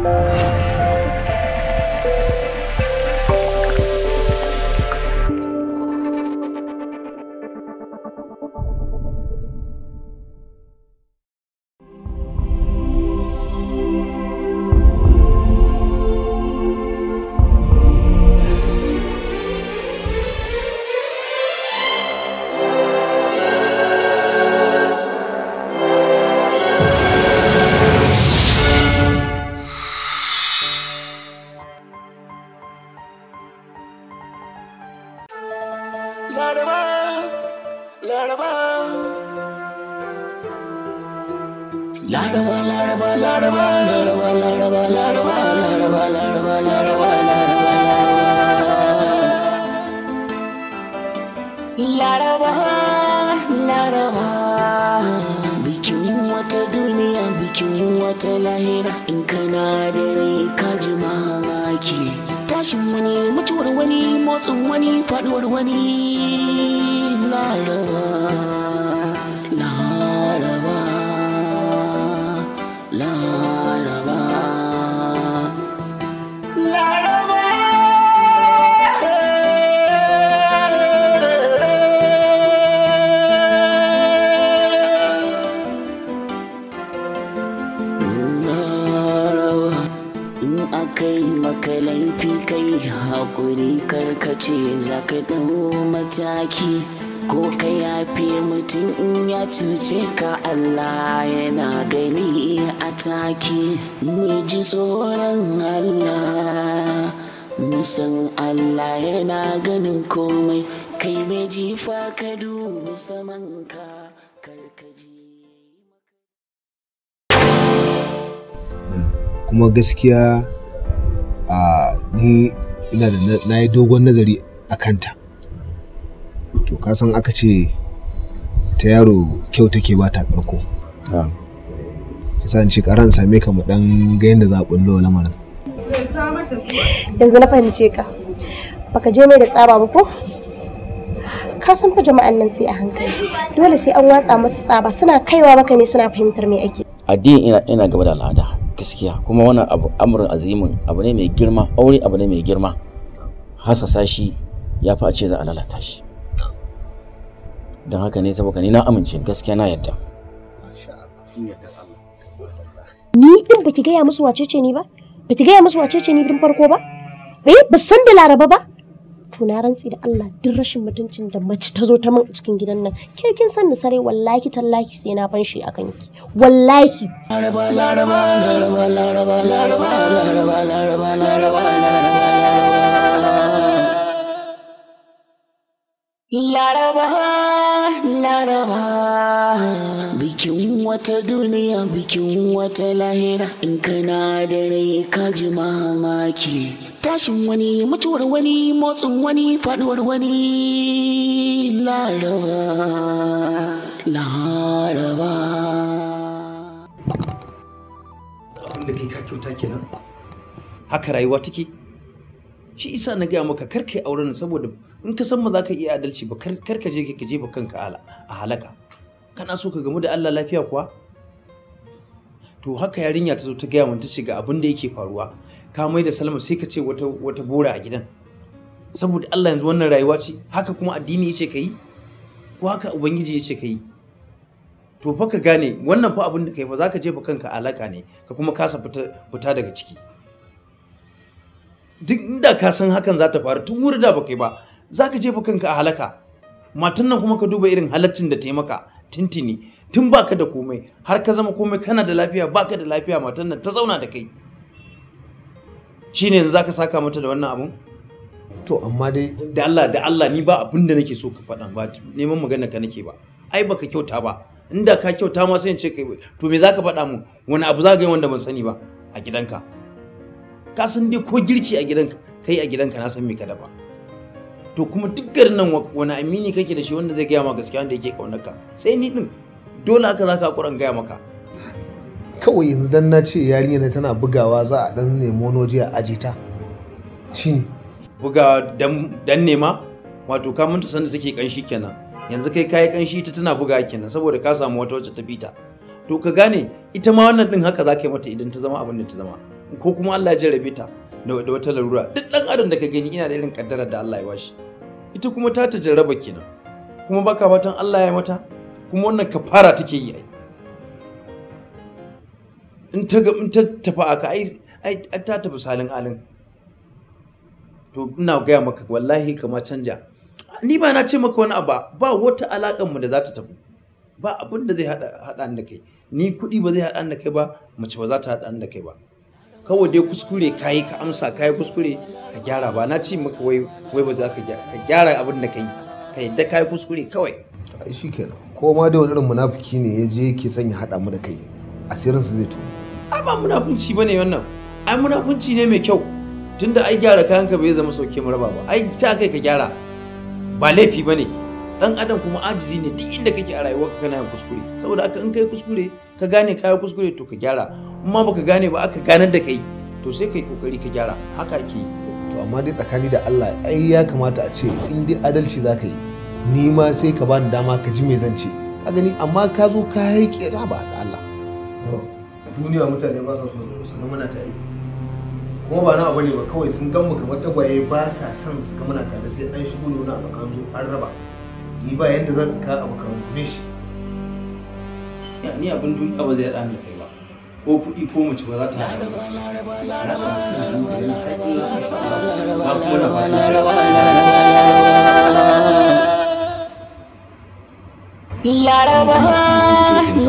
Música Laraba, laraba Bikin duniya bikin lahira In kana da rai mamaki Tashin wani, mutuwar wani, motsin wani, wani Laraba yi haƙuri ce za ka ɗau mataki ko ka yafe mutum in ya cuce ka Allah yana gani a taki mu ji tsoron Allah musan Allah yana ganin komai kai mai jifa ka dubi samanka karkaji hmm, kuma gaskiya a ah, ni ina da na yi dogon nazari a kanta to kasan aka ce ta yaro kyau take ba ta karko kasance ah. karan same ka mu dan ga yadda za a bullo lamarin yanzu na fahimce ka baka je mai da tsaba ba ko ka san fa jama'an nan sai a hankali dole sai an watsa masu tsaba suna kaiwa maka ne suna fahimtar me ake addini ina ina gaba da al'ada gaskiya kuma wannan abu amrin azimin abu ne mai girma aure abu ne mai girma hasasa shi ya fi a ce za a lalata shi don haka ne saboda ni na amince gaskiya na yadda. ni din baki gaya musu wacece ni ba baki gaya musu wacece ni din farko ba eh ba san da laraba ba Tuna na rantsi da Allah duk rashin mutuncin da mace ta zo ta min a cikin gidan nan ke kin san da sare wallahi tallahi sai na ban shi akan ki wallahi laraba laraba laraba laraba laraba laraba laraba laraba laraba laraba bikin wata duniya bikin wata lahira in kana da rai ka ji mamaki tashin wani mutuwar wani motsin wani faduwar wani laraba laraba haka rayuwa take shi isa na gaya maka karka yi auren saboda in ka san ba za ka iya adalci ba karka je ka jefa kanka a halaka kana so ka gamu da Allah lafiya kuwa to haka yarinya ta zo ta gaya mun ta ce ga abin da yake faruwa ka mai da salama sai ka ce wata bora a gidan saboda Allah yanzu wannan rayuwa ce haka kuma addini yace ka yi ko haka ubangiji yace ka yi to fa ka gane wannan fa abin da kai fa zaka jefa kanka alaka ne ka kuma kasa fita daga ciki duk inda ka san hakan za ta faru tun wuri da ba kai ba zaka jefa kanka a halaka matan nan kuma ka duba irin halaccin da ta yi maka tintini tun baka da komai har ka zama komai kana da lafiya baka da lafiya matan nan ta zauna da kai shine yanzu zaka saka mata da wannan abun to amma dai da Allah da Allah ni ba abin da nake so ka faɗa ba neman magana ka nake ba ai baka kyauta ba inda ka kyauta ma sai in ce kai to me zaka faɗa mu wani abu zaka yi wanda ban sani ba a gidanka ka san dai ko girki a gidanka kai a gidanka na san me ka dafa to kuma duk garin nan wani amini kake da shi wanda zai gaya ma gaskiya wanda yake ka, sai ni din dole haka zaka hakuran gaya maka kawai yanzu dan na ce yarinya tana bugawa za a dan nemo noji a aje ta shine bugawa dan nema wato ka manta sanda take kanshi kenan yanzu kai kayi kanshi ta tana buga kenan saboda ka samu wata wacce ta fita to ka gane ita ma wannan din haka zaka yi mata idan ta zama abin da ta zama ko kuma Allah ya jarrabe ta da wata larura duk dan adam da ka gani ina da irin kaddara da Allah ya washi ita kuma ta ta jarraba kenan kuma baka fatan Allah ya mata kuma wannan kafara take yi ai in ta ga in ta tafi aka ai ai ta tafi salin alin to ina gaya maka wallahi kama canja ni ba na ce maka wani abu ba wata alaƙar mu da za ta tafi ba abin da zai haɗa ni kuɗi ba zai haɗa da kai ba mace ba za ta haɗa da kai ba kawai dai kuskure ka yi ka amsa ka yi kuskure ka gyara ba na ci maka wai wai ba za ka gyara abin da ka yi ka yadda ka yi kuskure kawai ai shi kenan ko ma da wani munafiki ne ya je ke sanya haɗa mu da kai asirinsa zai to ai ba munafunci bane wannan ai munafunci ne mai kyau tunda ai gyara kayanka bai zama sauke mu raba ba ai ta kai ka gyara ba laifi bane dan adam kuma ajizi ne duk inda kake a rayuwarka kana yin kuskure saboda haka in kai kuskure ka gane kayi kuskure to ka gyara amma baka gane ba aka ganar da kai to sai kai kokari ka gyara haka ake to amma dai tsakani da Allah ai ya kamata a ce in dai adalci zaka yi ni ma sai ka bani dama ka ji me zan ce ka gani amma ka zo ka haike da ba da Allah duniya mutane ba sa so su ga muna tare kuma ba na abu ne ba kawai sun gan mu kamar tagwaye ba sa son su ga muna tare sai an shigo da wani abu an zo an raba ni ba yanda zan ka abu karume shi ya ni abin duniya ba zai rami kai ba ko kuɗi ko mace ba za ta haɗa ba kuma da Laraba,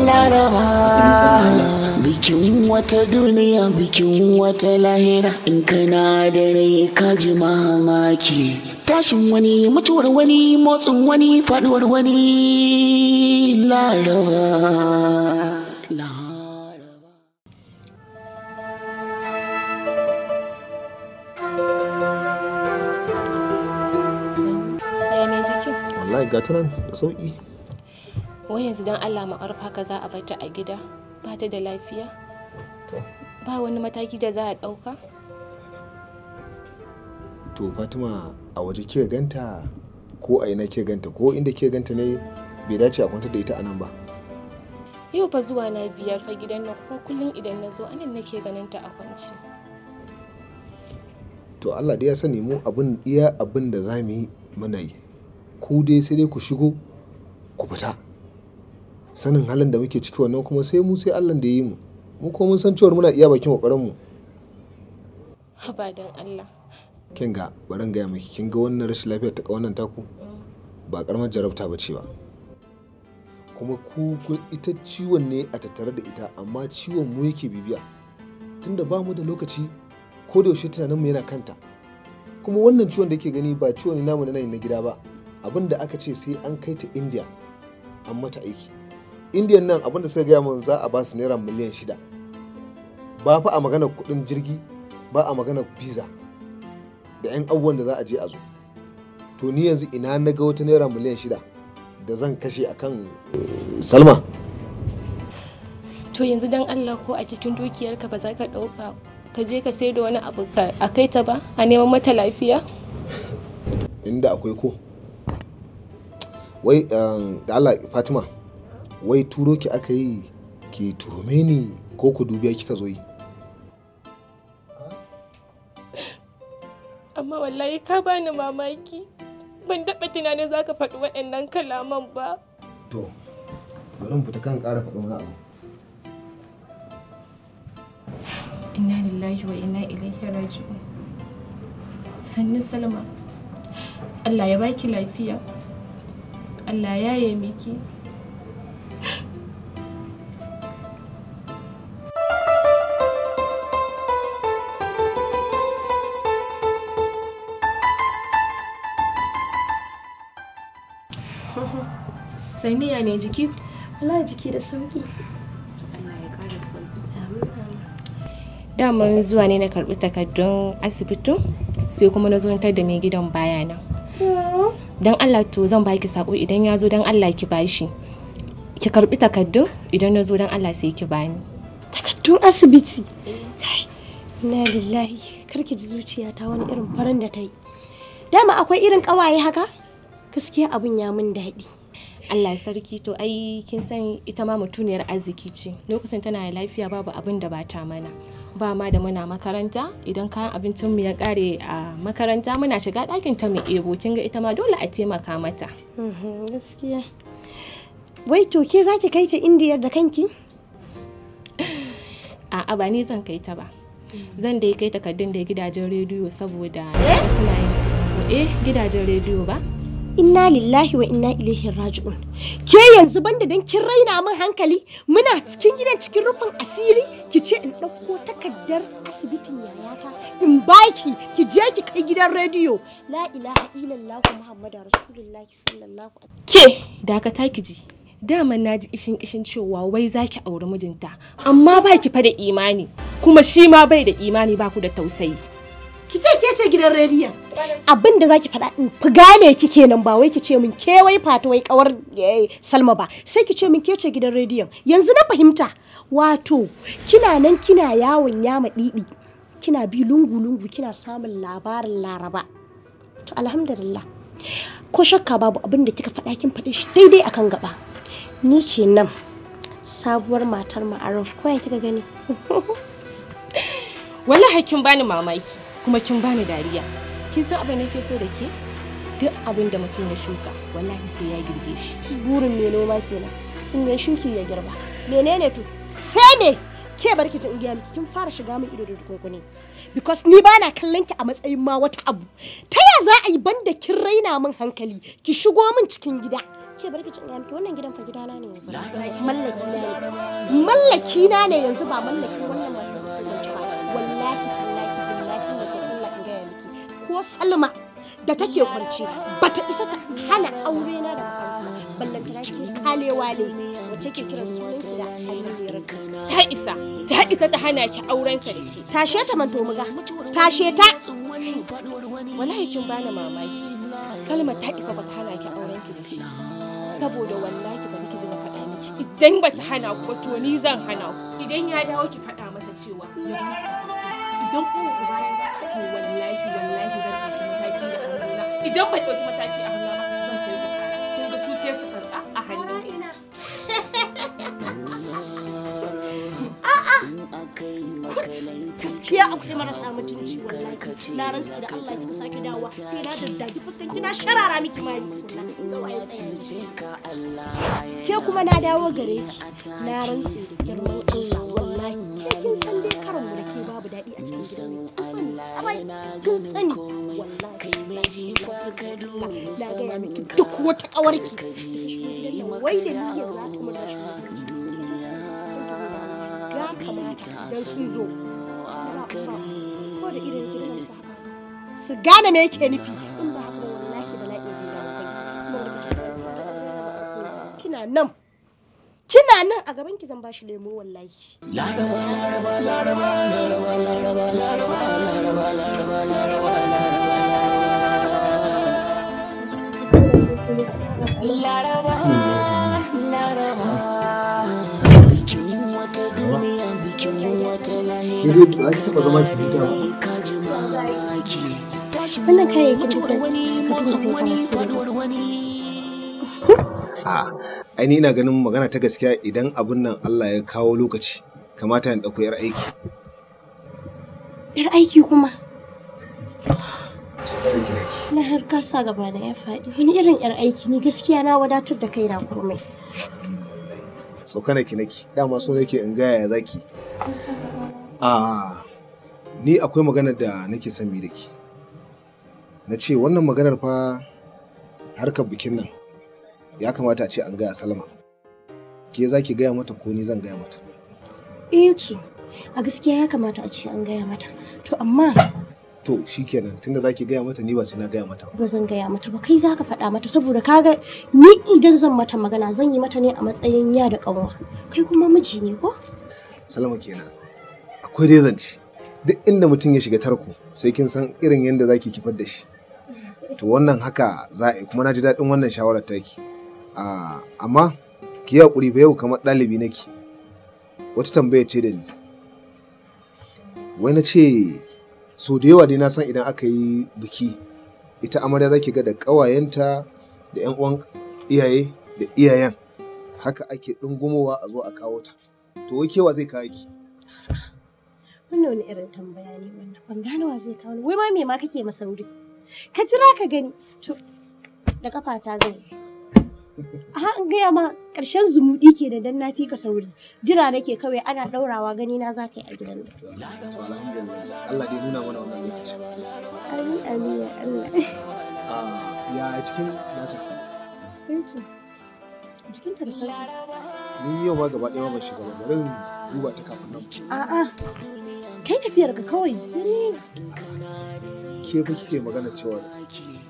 laraba. bikin wata duniya bikin wata lahira in kana da rai ka ji mamaki tashin wani mutuwar wani motsin wani faduwar wani laraba wallahi ga nan da sauƙi? wai yanzu don allah ma'arfa ka za a bata a gida ba ta da lafiya ba wani mataki da za a ɗauka to fatima a waje ke ganta ko a ina ke ganta ko inda ke ganta ne bai dace a kwantar da ita a nan ba yau fa zuwa na biyar fa gidan nan ko kullum idan na zo anan nake ganin ta a kwance to Allah dai ya sani mu abin iya abin da za mu yi muna yi ku dai sai dai ku shigo ku fita sanin halin da muke ciki wannan kuma sai mu sai Allah da ya yi mu mu ko mun san cewa muna iya bakin kokarin mu haba dan Allah kin ga bari gaya miki kin ga wannan rashin lafiyar ta wannan taku ba karamar jarabta ba ce ba kuma ku ita ciwon ne a tattare da ita amma ciwon mu yake bibiya tunda ba mu da lokaci ko da yaushe mu yana kanta kuma wannan ciwon da ke gani ba ciwon ne namu na na gida ba abin da aka ce sai an kai ta india an mata aiki indiyan nan abin da sai gaya mun za a ba su naira miliyan shida ba fa a maganar kudin jirgi ba a maganar visa da 'yan abubuwan da za a je a zo to ni yanzu ina na ga wata naira miliyan shida da zan kashe a kan eh, salma to yanzu don allah ko a cikin dukiyarka ba za ka ɗauka ka je ka sai da wani abu a kai ta ba a neman mata lafiya inda akwai ko wai um, da allah fatima wai turo ki aka yi ki tuhume ni ko ku dubiya kika zo yi amma wallahi ka bani mamaki ban taɓa tunanin za ka faɗi waɗannan kalaman ba to bari mu fita kan ƙara faɗin wani abu inna lillahi wa inna ilaihi raji'un sannin salma Allah ya baki lafiya Allah ya yi miki saniya ne jiki wala jiki da sauki Allah ya daman zuwa ne na karɓi takardun asibitin sai kuma na zontar da mai gidan bayana don Allah to zan baki sako idan ya zo don Allah ki bashi ki karɓi takardun idan na zo don Allah sai ki bani takardun asibiti na lillahi karki ji ta wani irin farin da ta yi dama akwai irin ƙawaye haka gaskiya abin ya min daɗi Allah sarki to ai kin san ita ma mutuniyar arziki ce lokacin tana da lafiya babu abin da bata mana ba ma da muna makaranta idan kayan abincin mu ya kare a makaranta muna shiga ɗakin ta mai ebo kin ga ita ma dole a taimaka mata mhm, gaskiya wai to ke zaki kai ta indiya da kanki a ba ni zan kai ta ba mhm. zan dai kai takardun da gidajen rediyo saboda eh, eh gidajen rediyo ba inna lillahi wa inna ilaihi raji'un ke yanzu banda dan kin raina min hankali muna cikin gidan cikin rufin asiri ki ce in ɗauko takardar asibitin yayata in baki ki je ki kai gidan rediyo la ilaha illallah muhammadu rasulullahi sallallahu alaihi ke dakata ki ji dama na ji ishin ishin cewa wai zaki aure mijinta amma baki fa da imani kuma shi ma bai da imani baku da tausayi ki ce ke ce gidan rediyon abin da zaki faɗa in fi gane ki kenan ba wai ki ce min ke wai fata wai kawar eh, salma ba sai ki ce min ke ce gidan rediyon yanzu na fahimta wato kina nan kina yawon yama ɗiɗi kina bi lungu lungu kina samun labarin laraba to alhamdulillah ko shakka babu abin da kika faɗa kin faɗe shi daidai akan gaba ni ce nan sabuwar matar ma'aruf ko ya kika gani wallahi kin bani mamaki kuma kin bani dariya kin san abin da nake so da ke duk abin da mutum ya shuka wallahi sai ya girbe shi burin mai noma kenan in ya shuki ya girba menene to sai me ke barki jin gaya miki kin fara shiga min ido da tukunkuni because ni bana kallon ki a matsayin ma wata abu ta ya za a yi banda kin raina min hankali ki shigo min cikin gida ke barki jin gaya miki wannan gidan fa gidana ne yanzu mallaki na ne mallaki na ne yanzu ba mallaki wannan ko salma da take kwance ta isa ta hana aure na da ballantana ballan ke kalewa ne wacce ke kira sunanki da ta isa ta isa ta hana ki auren sa da ke tashe ta manto muga tashe ta wallahi kin bani mamaki salma ta isa ba ta hana ki auren ki da shi saboda wallahi ba ki ji na faɗa miki idan ba ta hana ku ba to ni zan hana ku idan ya dawo ki faɗa masa cewa idan kuma uba ya ba to wallahi wallahi zan ɗauki mataki da hannuna idan ban ɗauki mataki a hannuna ba zan kai ku kara ga su sai su karɓa a hannun gaskiya akwai marasa mutunci wallahi na rantsa da Allah ki sake dawowa sai na daddaki fuskan na sharara miki mai ke kuma na dawo gare ki na rantsa da girman Allah wallahi kin san na san ganin komai kai mai jifa ka duk wata kawarki wai da ni za ta duniya bi su gane me yake nufi kina nan kina nan a gaban ki zan bashi lemo wallahi laraba laraba laraba laraba laraba laraba laraba da wani motsin wani a aini ina ganin magana ta gaskiya idan abin nan Allah ya kawo lokaci kamata in ɗauko 'yar aiki yar aiki kuma na har kasa gaba da ya faɗi wani irin yar aiki ni gaskiya na wadatar da kai na kurmai tsokana ki dama so nake in gaya ya zaki a ni akwai maganar da nake son mi da ki na ce wannan maganar fa harkar bikin nan ya kamata a ce an gaya salma ke za ki gaya mata ko ni zan gaya mata eh to a gaskiya ya kamata a ce an gaya mata to amma to shikenan tunda zaki gaya mata ni ba sai na gaya mata ba zan gaya mata ba kai zaka faɗa mata saboda kaga ni idan zan mata magana zan yi mata ne a matsayin ya da kanwa kai kuma miji ne ko salama kenan akwai dai zance duk inda mutum ya shiga tarko sai kin san irin yadda zaki kifar da shi to wannan haka za a yi kuma na ji daɗin wannan shawarar taki amma ki yi haƙuri ba yau kamar ɗalibi nake wata tambaya ce da ni wai na ce so da yawa dai na san idan aka yi biki ita amarya za ki ga da ƙawayenta da 'yan uwan iyaye da iyayen haka ake ɗungumowa a zo a kawo ta to wai kewa zai kawo ki wannan wani irin tambaya ne wannan ban gane wa zai kawo ni wai ma me ma kake masa wuri ka jira ka gani to da kafa ta zai an gaya ma ƙarshen zumuɗi ke da dan na fi ka sauri jira nake kawai ana ɗaurawa gani na za ka yi a gidan nan. Allah dai nuna mana wannan lokaci. Amin amin ya Allah. Ah, ya jikin nata? Eto, eh ta da sauki. Ni yau ma gaba ɗaya ban shiga ba bari in duba ta kafin nan. A'a, kai tafiyar ka kawai. ke fa kike magana cewa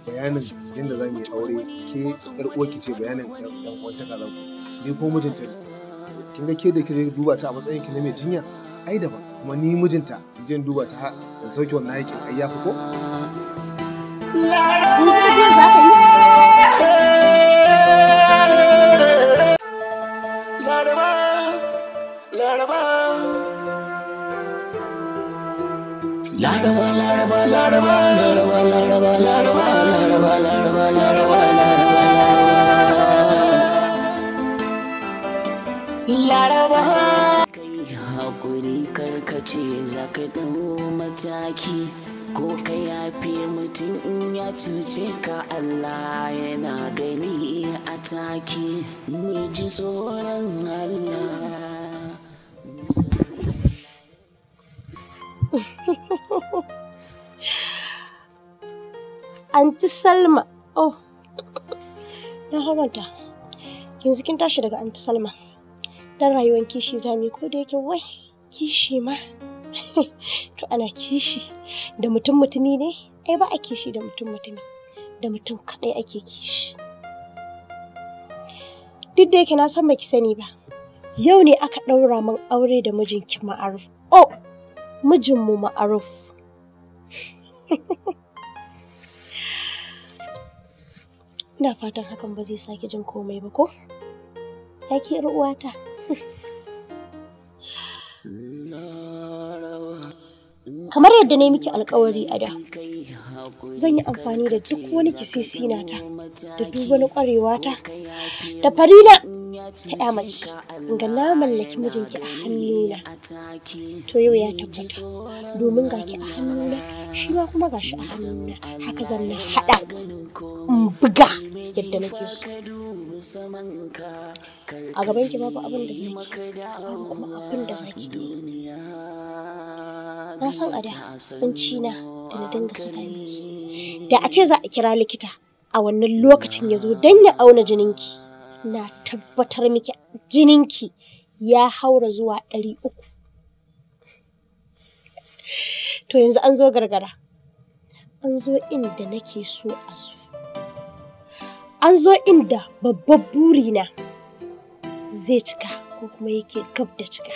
bayanin inda za mu yi aure ke yar ki ce bayanin yan uwanta kalan ku ni ko mijinta ne kin ga ke da kike duba ta a matsayin ki na mai jinya ai da ba kuma ni mijinta je in duba ta in sauki wannan aikin ai yafi ko Laraba, Laraba. laraba laraba laraba laraba laraba laraba laraba laraba laraba laraba laraba kai hakuri karkace za ka ɗau mataki ko ka yafe mutum in ya cuce ka Allah yana gani a taki mu ji tsoron Allah Aunty salma oh na hawanta yanzu kin tashi daga Aunty salma dan rayuwar kishi yi ko da yake wai kishi ma to ana kishi da mutum mutumi ne ai ba a kishi da mutum mutumi da mutum kaɗai ake kishi duk da yake na san baki sani ba yau ne aka ɗaura min aure da mijinki ma'aruf oh mijinmu ma'aruf Ina fatan hakan ba zai sake jin komai ba ko? Ya ke ta Kamar yadda na miki alkawari a da, zan yi amfani da duk wani kisisi ta. da duk wani kwarewa ta da farila ta ya mace ga na mallaki mijinki a hannuna to yau ya tabbata domin ga ki a hannuna shi ma kuma gashi a hannuna haka zanna na haɗa buga yadda nake so a gaban ki babu abin da zaki babu kuma abin da zaki na san a da na da na dinga saka da a ce za a kira likita a wannan lokacin ya zo don ya auna jininki na tabbatar miki jininki ya haura zuwa ɗari uku to yanzu an zo gargara an zo inda nake so a zo an zo inda babban burina zai cika ko kuma yake gab da cika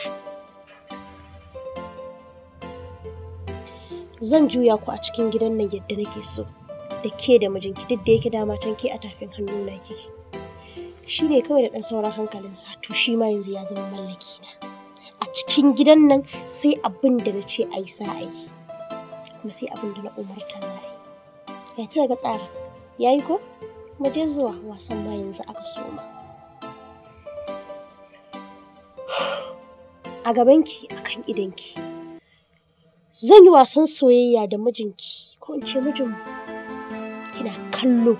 zan juya ku a cikin gidan nan yadda nake so da ke da mijinki duk da yake dama can ke a tafin hannu na kike shi ne kawai da ɗan sauran hankalinsa to shi ma yanzu ya zama mallaki na a cikin gidan nan sai abin da na ce a yi sa a yi kuma sai abin da na umarta za a yi ya ta ga tsara ya yi ko mu je zuwa wasan ma yanzu aka soma a gabanki a kan idanki zan yi wasan soyayya da mijinki ko in ce mijinmu kina kallo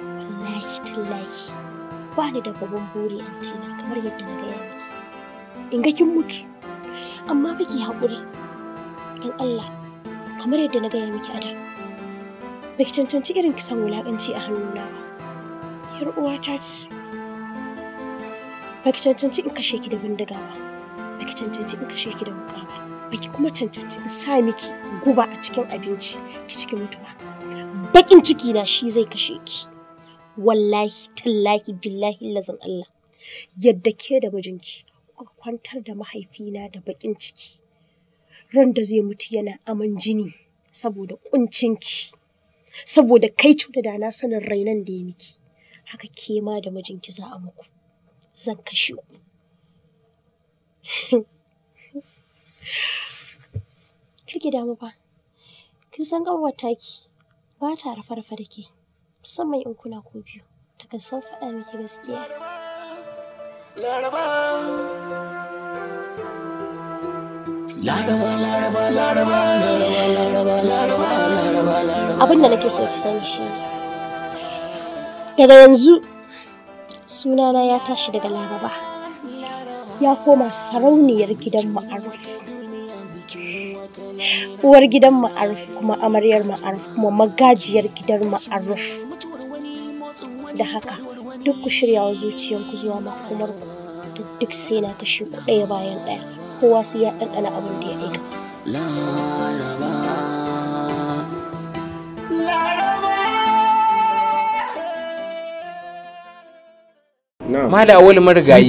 wallahi tallahi ba ni da babban buri tina kamar yadda na gaya miki in ga kin mutu amma ba ki haƙuri don Allah kamar yadda na gaya miki a da ba ki cancanci irin san wulaƙanci a hannuna ba yar uwata ce ba ki cancanci in kashe ki da bindiga ba ba ki cancanci in kashe ki da wuƙa ba ba ki kuma cancanci in sa miki guba a cikin abinci ki cikin mutu ba baƙin ciki na shi zai kashe ki wallahi tallahi billahi lazan Allah yadda ke da mijinki kuka kwantar da mahaifina da baƙin ciki ran da zai mutu yana aman jini saboda ki saboda kai cuta da na sanin rainan da ya miki haka ke ma da mijinki za a muku zan kashe ku kirki mu ba kin san gawar ba ta rafa da ke, musamman in kuna ko biyu, takan san faɗa miki gaskiya. Laraba, laraba, laraba, laraba, laraba, laraba, Abin da nake so ki sani shi ne. Daga yanzu sunana ya tashi daga laraba. Ya koma sarauniyar gidan ma'aruf. uwar gidan ma'aruf kuma amaryar ma'aruf kuma magajiyar gidan ma'aruf da haka duk ku shirya wa zuciyanku zuwa makomar ku duk sai na kashe ku ɗaya bayan ɗaya kowa sai ya ɗanɗana abin da ya aikata Mala awali marigayi.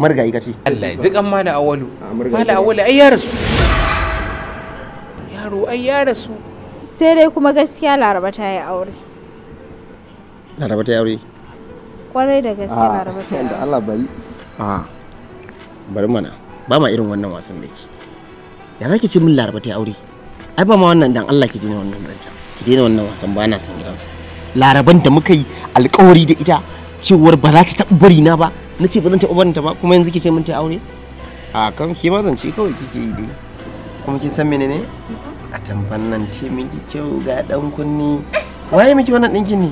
Marigayi ka ce. Allah, duk an mala awalu. Ah, mala awalu ai ya rasu. yaro ya rasu sai dai kuma gaskiya laraba ta yi aure laraba ta yi aure kwarai da gaskiya ah, laraba ta yi aure da Allah bari a ah, bari mana ba ma irin wannan wasan da ke ya zaki ce min laraba ta yi aure ai ba ma wannan dan Allah ki dina wannan zancen ki dina wannan wasan ba na san gidansa laraban da muka yi alkawari da ita cewar ba za ta taɓa bari na ba na ce ba zan taɓa barinta ba kuma yanzu ki ce min ta aure a ah, kan ki zance kawai kike yi dai kuma kin san menene a tamban nan ce miki kyau ga dan kunni waye miki wannan dinki ne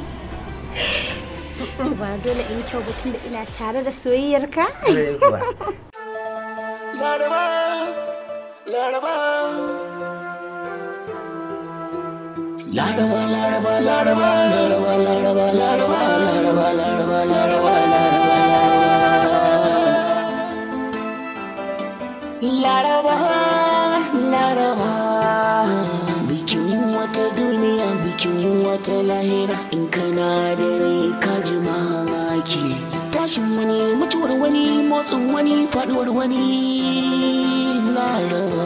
mm, ba dole in kyau ba tunda ina tare da soyayyar ka laraba laraba laraba laraba laraba laraba laraba laraba laraba laraba laraba laraba laraba cikin wata lahira in kana da ni ka ji mamaki tashin wani mutuwar wani motsin wani faduwar wani laraba